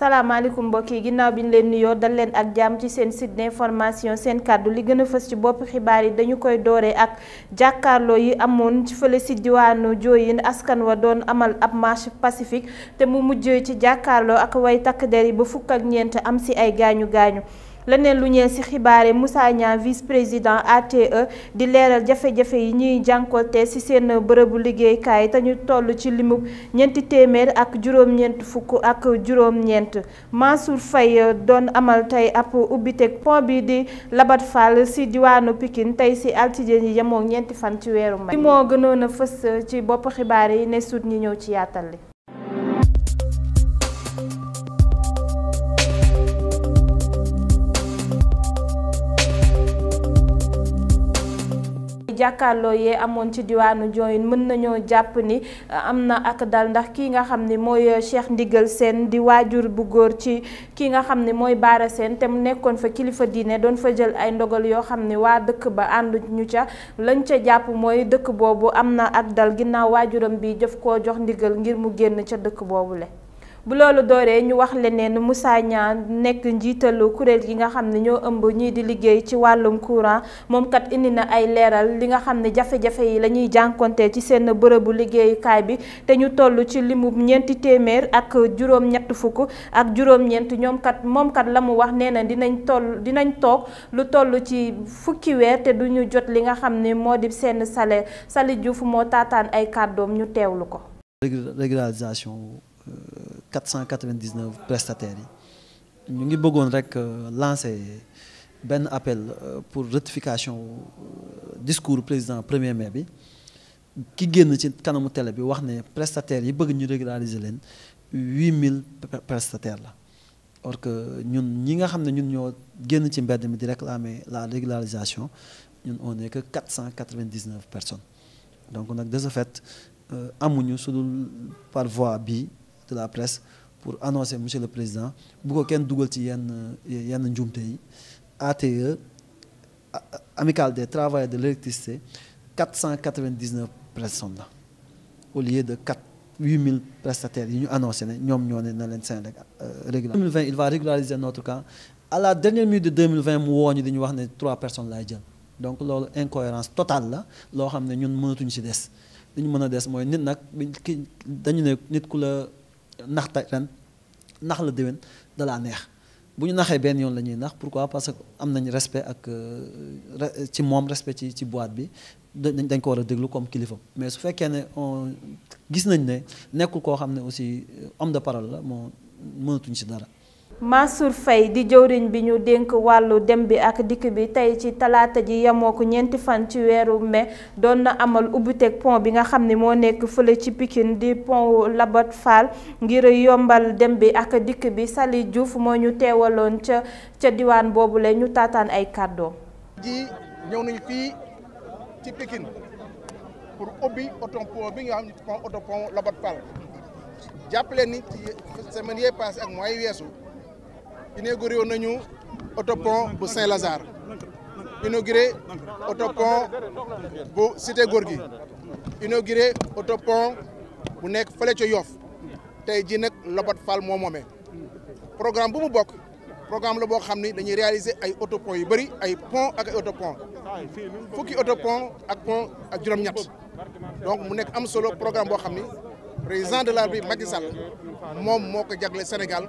salaamaaleykum mbokk yi ginnaaw bi ñu leen nuyoo dal leen ak jaam ci seen site d'information seen kàddu li gën a fës ci boppu xibaar yi dañu koy dooree ak jàkkaarloo yi amoon ci fële si diwaanu Diohine askan wa doon amal ab marche pacifique te mu mujjee ci jàkkaarloo ak way takk der yi ba fukk ak ñeent am si ay gaañu gaañu. leneen lu ñeel ci xibaare Moussa Niang vice président ATE di leeral jafe-jafe yi ñuy jànkoonte ci seen bërëbu liggéeykaay te ñu toll ci limub ñeenti téeméer ak juróom-ñeent fukk ak juróom-ñeent Mansour Faye doon amal tey ab ubbiteg pont bi di Labat Fall ci diwaanu pikin tey ci altine yi yemoo ñeenti fan ci weeru may. moo gënoon a fës ci bopp xibaar yi ne suut ñi ñëw ci yaatal li jàkkaarloo yee amoon ci diwaanu Diohine mën nañoo jàpp ni euh, am na ak dal ndax kii nga xam ni mooy euh, Cheikh Ndigal seen di waajur bu góor ci kii nga xam ni mooy Baara Sène te mu nekkoon fa kilifa diine doon fa jël ay ndogal yoo xam ni waa dëkk ba ànduñu ca lañ ca jàpp mooy dëkk boobu am na ak dal ginnaaw waajuram bi jëf koo jox ndigal ngir mu génn ca dëkk boobu boobule bu loolu dooree ñu wax leneen Moussa Niang nekk njiitalu kuréel gi nga xam ne ñoo ëmb ñii di liggéey ci wàllum courant moom kat indi na ay leeral li nga xam ne jafe-jafe yi lañuy ñuy ci seen bërëbu liggéeyukaay bi te ñu toll ci limu ñeenti téeméer ak juróom-ñett fukk ñoom kat moom kat la mu wax nee na dinañ toll dinañ toog lu toll ci fukki weer te duñu jot li nga xam ne moo di seen salaire Sali Diouf moo taataan ay kàddoom ñu teewlu ko 499 prestataires nous avons lancé appel euh, pour rectification euh, discours président premier mai qui télé prestataires régulariser 8000 prestataires or que on que 499 personnes donc on a deux effets par voie de la presse pour annoncer monsieur le président bu e, des de l'électricité 499 personnes. au lieu de 8000 prestataires ils ont annoncé 2020 euh, il va régulariser notre cas à la dernière minute de 2020 nous avons trois personnes donc l'incohérence totale nax ta ren nax la déwén dalaa neex bu ñu naxee benn yoon la ñuy nax pourquoi parce que am nañ respect ak euh, ci moom respect ci ci boîte bi dañ ko war a déglu comme kilifa mais su fekkee ne gis nañ ne nekkul koo xam ne aussi euh, homme de parole la moo mënatuñ si dara Mansour Faye di jëwriñ bi ñu dénk wàllu dem bi ak dikk bi tey ci talaata ji yemoo ko ñeenti fan ci weeru mai doon na amal ubbiteeg pont bi nga xam ni moo nekk fële ci pikin di pont Labat Fall ngir yombal dem bi ak dikk bi Sali Diouf moo ñu teewaloon ca ca diwaan boobu la ñu taataan ay kàddoo ji ñëw inauguré un autopont pour Saint-Lazare inauguré autopont la Cité Gorgui inauguré autopont pour Nek ca Yoff lobot fal programme bu le programme la boo xam dañuy réaliser autopont pont ak ay autopont autopont ak pont ak donc nous avons am solo programme Le président de la République Macky Sall Sénégal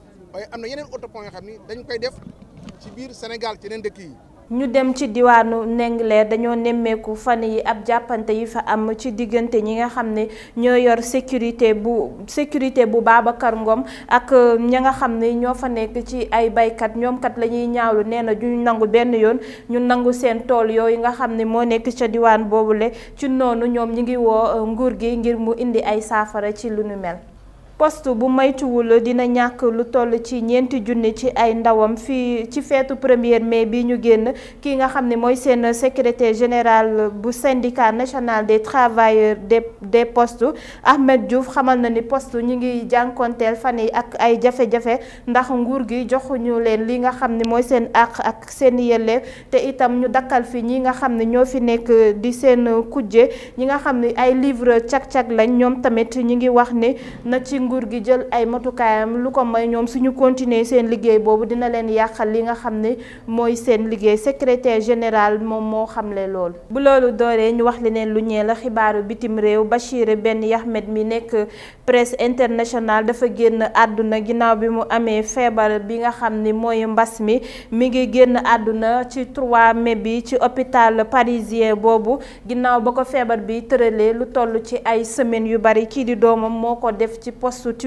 am na yeneen autopont yoo xam ni dañu koy def ci biir Sénégal ci yeneen dëkk yi. ñu dem ci diwaanu Ndingler dañoo nemmeeku fan yi ab jàppante yi fa am ci diggante ñi nga xam ne ñoo yor sécurité bu sécurité bu Babacar Ngom ak euh, ña nga xam ne ñoo fa nekk ci ay baykat ñoom kat la ñuy ñaawlu nee na ñu nangu benn yoon ñu nangu seen tool yooyu nga xam ne moo nekk ca diwaan boobule ci noonu ñoom ñi ngi woo euh, nguur gi ngir mu indi ay saafara ci lu nu mel. poste bu maytuwul dina ñàkk lu toll ci ñeenti junni ci ay ndawam fii ci feetu première mai bi ñu génn ki nga xam ne mooy seen secrétaire général bu syndicat national des travailleurs de des postes Ahmed Diouf xamal na ni poste ñu ngi jànkonteel fan yi ak ay jafe-jafe ndax nguur gi joxuñu leen li nga xam ne mooy seen àq ak seen yelleef te itam ñu dakkal fi ñi nga xam ne ñoo fi nekk di seen kujje ñi nga xam ni ay livre cag-cag lañ ñoom tamit ñi ngi wax nguur gi jël ay matukaayam lu ko may ñoom suñu continuer seen liggéey boobu dina leen yàqal li nga xam ne mooy seen liggéey secretaire général moom moo xamle loolu. bu loolu dooree ñu wax leneen lu la xibaaru bitim réew Bachir benn Yahmed mi nekk presse internationale dafa génn àdduna ginnaaw bi mu amee feebar bi nga xam ni mooy mbas mi mi ngi génn àdduna ci 3 mai bi ci hôpital parisien boobu ginnaaw ba ko feebar bi tëralee lu toll ci ay yu bari să ci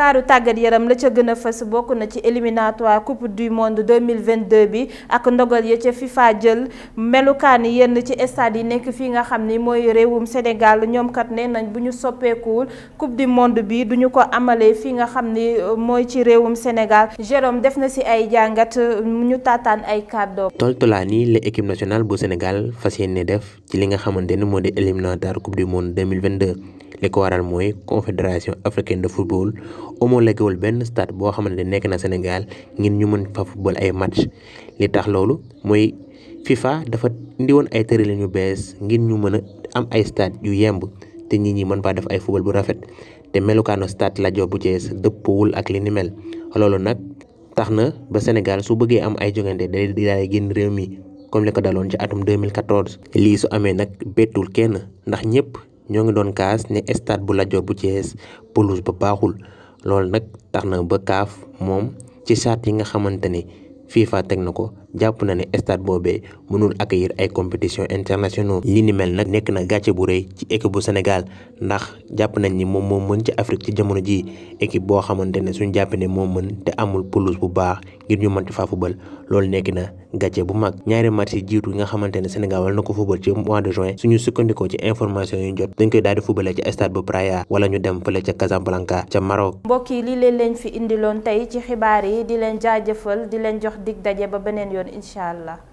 xibaaru tàggat yaram la ca gën a fës bokk na ci éliminatoire coupe du monde 2022 bi ak ndogal ya ca FIFA jël melukaan yenn ci estade yi nekk fii nga xam ni mooy réewum Sénégal ñoom kat nee nañ bu ñu soppeekuwul coupe du monde bi duñu ko amalee fii nga xam ni euh, mooy ci réewum Sénégal Jérôme def na si ay jàngat euh, ñu taataan ay kàddoom. toltolaan yi la équipe nationale bu Sénégal fas yéene def ci li nga xamante ni moo di éliminatoire coupe du monde 2022 li ko waral mooy confédération africaine de football. omo wul benn stade boo xam ne na Sénégal ngin ñu mën fa football ay match li tax lolu mooy FIFA dafa indi won ay tëralin yu bees ngir ñu mën am ay stade yu yemb te nit ñi mën faa def ay football bu rafet te melukaanu stade Lat Dior bu Thiès dëppwul ak li ni mel loolu nag tax ba Sénégal su bëggee am ay jongante day di daal génn réew mi comme li ko daloon ci atum 2014 lii su amee nag bettul kenn ndax ñëpp ñoo ngi doon kaas ne stade bu Lat Dior bu Thiès pelouse ba baaxul loolu nag tax na ba kaaf moom ci saat yi nga xamante ne FIFA teg na ko jàpp na ne stade boobee mënul accueillir ay compétitions internationaux li ni mel nag nekk gàcce bu rëy ci équipe bu Sénégal ndax jàpp nañ moom mën ci Afrique ci jamono jii équipe boo xamante ne jàpp ne moo te amul pelouse bu baax ngir ñu mën ci faa loolu nekk gàcce bu mag ñaari match yi jiitu nga xamante ne Sénégal wala na ko fubal ci mois de juin suñu sukkandikoo ci information yu jot dañ koy daal di fubalee stade bu Praia wala ñu yoon incha allah.